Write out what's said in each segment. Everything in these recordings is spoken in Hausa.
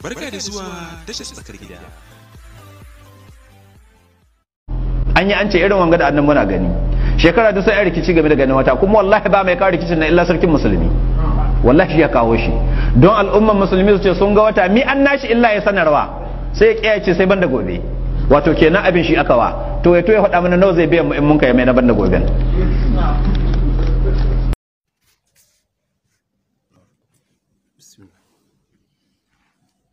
Barka da zuwa tashar tsakar gida. An yi an ce irin wanga da annan muna gani. Shekara duk sai ya rikici game da ganin wata kuma wallahi ba mai kawo rikicin na illa sarkin musulmi. Wallahi ya kawo shi. Don al'umman musulmi su ce sun ga wata mi an nashi illa ya sanarwa. Sai ya ce sai banda gobe. Wato kenan abin shi aka wa. To ya to ya faɗa mana nawa zai biya mu in mun kai mai na banda goben.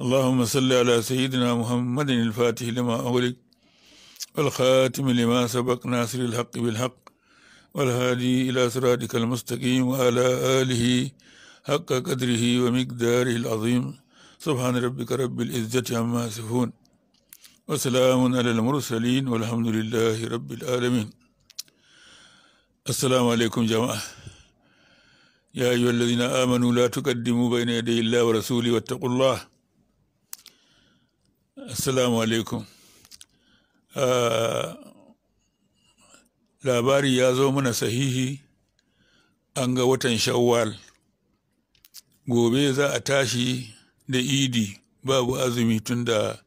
اللهم صل على سيدنا محمد الفاتح لما أغلق والخاتم لما سبق ناصر الحق بالحق والهادي إلى صراطك المستقيم وعلى آله حق قدره ومقداره العظيم سبحان ربك رب العزة عما يصفون وسلام على المرسلين والحمد لله رب العالمين السلام عليكم جماعة يا أيها الذين آمنوا لا تقدموا بين يدي الله ورسوله واتقوا الله Assalamu alaikum. Ah, labari ya zo mana sahihi an ga watan Shawwal. Gobe za a tashi da idi babu azumi tun da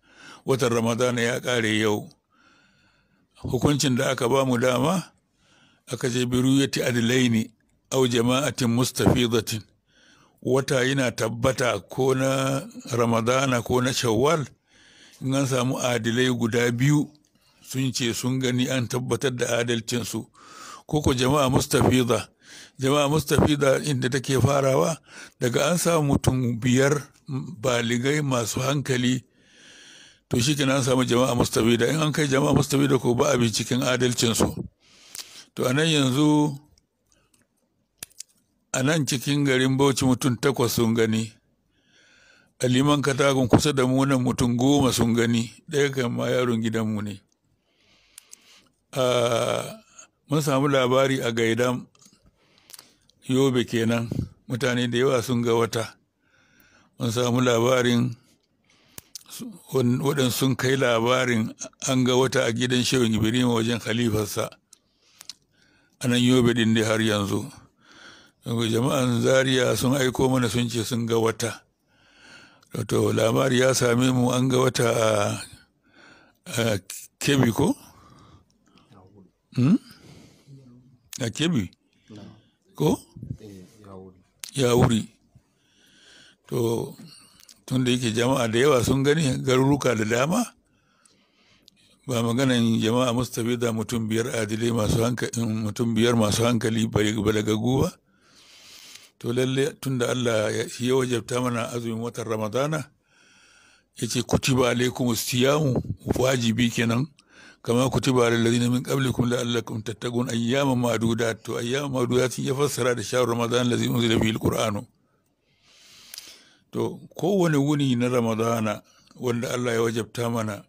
watan Ramadana ya kare yau. Hukuncin da aka ba mu dama, aka je biru ya ti adilai au jama'atin mustafizatin. Wata yana tabbata ko na Ramadana ko na Shawwal. in an samu adilai guda biyu sun ce sun gani an tabbatar da adalcinsu ko jama'a mustafiza jama'a mustafiza inda take farawa daga an samu mutum biyar baligai masu hankali to shi an samu jama'a mustafiza in an kai jama'a mustafiza ko ba a binciken adalcinsu to anan yanzu a nan cikin garin bauchi mutum takwas sun gani liman katakon kusa da munan mutum goma sun gani ɗaya kan ma yaron gidanmu ne mun samu labari a gaidan yobe kenan mutane da yawa sun ga wata mun samu labarin waɗansu sun kai labarin an ga wata a gidan shehun ibrahim wajen khalifarsa a nan yobe ɗin da har yanzu jama'an zaria sun aiko mana sun ce sun ga wata to labari ya same mu an ga wata a kebi ko? Hmm? a kebi ko? ya wuri to tun da yake jama'a da yawa sun gani garuruka da dama ba maganan jama'a mustafi da mutum biyar adilai masu hankali mutum biyar to lalle tunda Allah shi ya wajabta mana azumin watan ramadana ya ce kutiba alaikum siyamu wajibi kenan kama kutiba alal ladina min qablikum la'allakum tattaqun ayyama ma'dudat to ayyama ma'dudat ya fassara da shahr ramadan allazi unzila bihi alqur'anu to kowane wuni na ramadana wanda Allah ya wajabta mana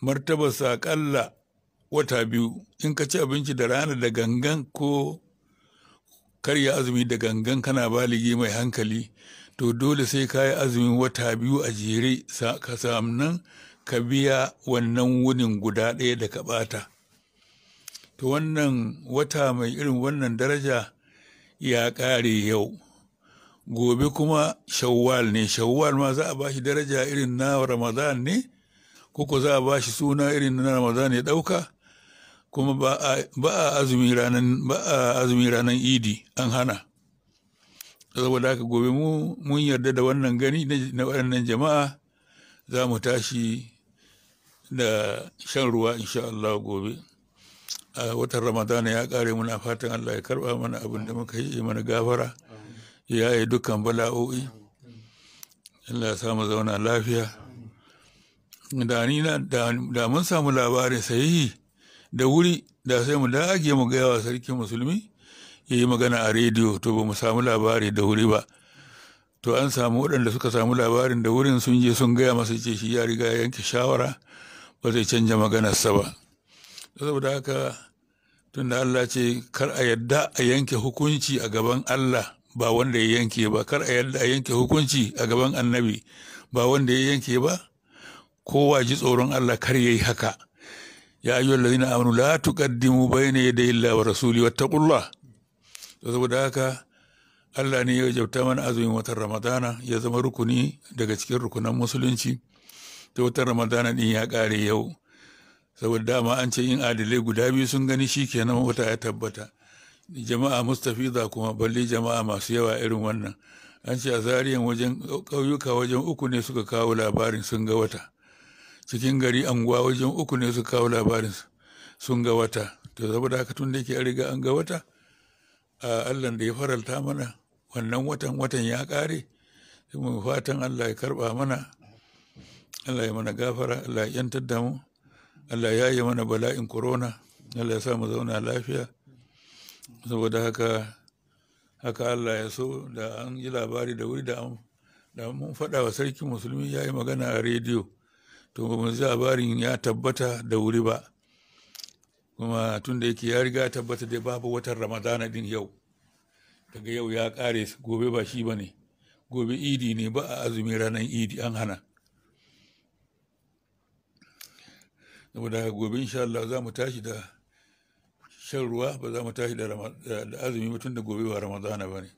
martabarsa kalla wata biyu in ka ci abinci da rana da gangan ko karya azumi da gangan kana baligi mai hankali to dole sai ka yi azumin wata biyu a jere ka nan ka biya wannan wunin guda ɗaya da ka bata to wannan wata mai irin wannan daraja ya ƙare yau gobe kuma shawwal ne shawwal ma za a ba shi daraja irin na ramadan ne koko za a ba shi suna irin na ramadan ya ɗauka kuma ba a azumi ranar idi an hana saboda haka gobe mu mun yarda da wannan gani na waɗannan jama'a za mu tashi da shan ruwa insha Allah gobe a watan ramadana ya kare muna fatan Allah ya karba mana abin da muka yi mana gafara ya yi dukkan bala'o'i Allah ya samu zauna lafiya da mun samu labarin sahihi da wuri da sai mu dage mu gaya wa sarkin musulmi ya yi magana a rediyo to ba mu samu labari da wuri ba to an samu waɗanda suka samu labarin da wurin sun je sun gaya masa ce shi ya riga yanke shawara ba zai canja maganarsa ba saboda haka tunda Allah ce kar a yadda a yanke hukunci a gaban Allah ba wanda ya yanke ba kar a yadda a yanke hukunci a gaban annabi ba wanda ya yanke ba kowa ji tsoron Allah kar ya yi haka ya ayyuhal ladina amanu la tuqaddimu bayna yaday illahi wa rasuli wattaqullah to saboda haka Allah ne ya wajabta mana azumin watan Ramadana ya zama rukuni daga cikin rukunan musulunci ta watan Ramadana din ya kare yau saboda dama an ce in adalai guda biyu sun gani shi kenan wata ya tabbata jama'a mustafiza kuma balle jama'a masu yawa irin wannan an ce a zariyan wajen ƙauyuka wajen uku ne suka kawo labarin sun ga wata cikin gari anguwa wajen uku ne su kawo labarin sun ga wata to saboda haka tun da yake an riga an ga wata a allah da ya faralta mana wannan watan watan ya kare sai mu fatan allah ya karba mana allah ya mana gafara allah ya yantar da mu allah ya yi mana bala'in corona allah ya sa mu zauna lafiya saboda haka haka allah ya so da an yi labari da wuri da mun faɗa wa sarki musulmi ya yi magana a rediyo to ba labarin ya tabbata da wuri ba kuma tun da yake ya riga tabbata da babu watan ramadana din yau daga yau ya kare gobe ba shi ba ne gobe idi ne ba a azumi ranar idi an hana saboda gobe insha Allah za mu tashi da shan ruwa ba za mu tashi da azumi tun da gobe ba ramadana ba ne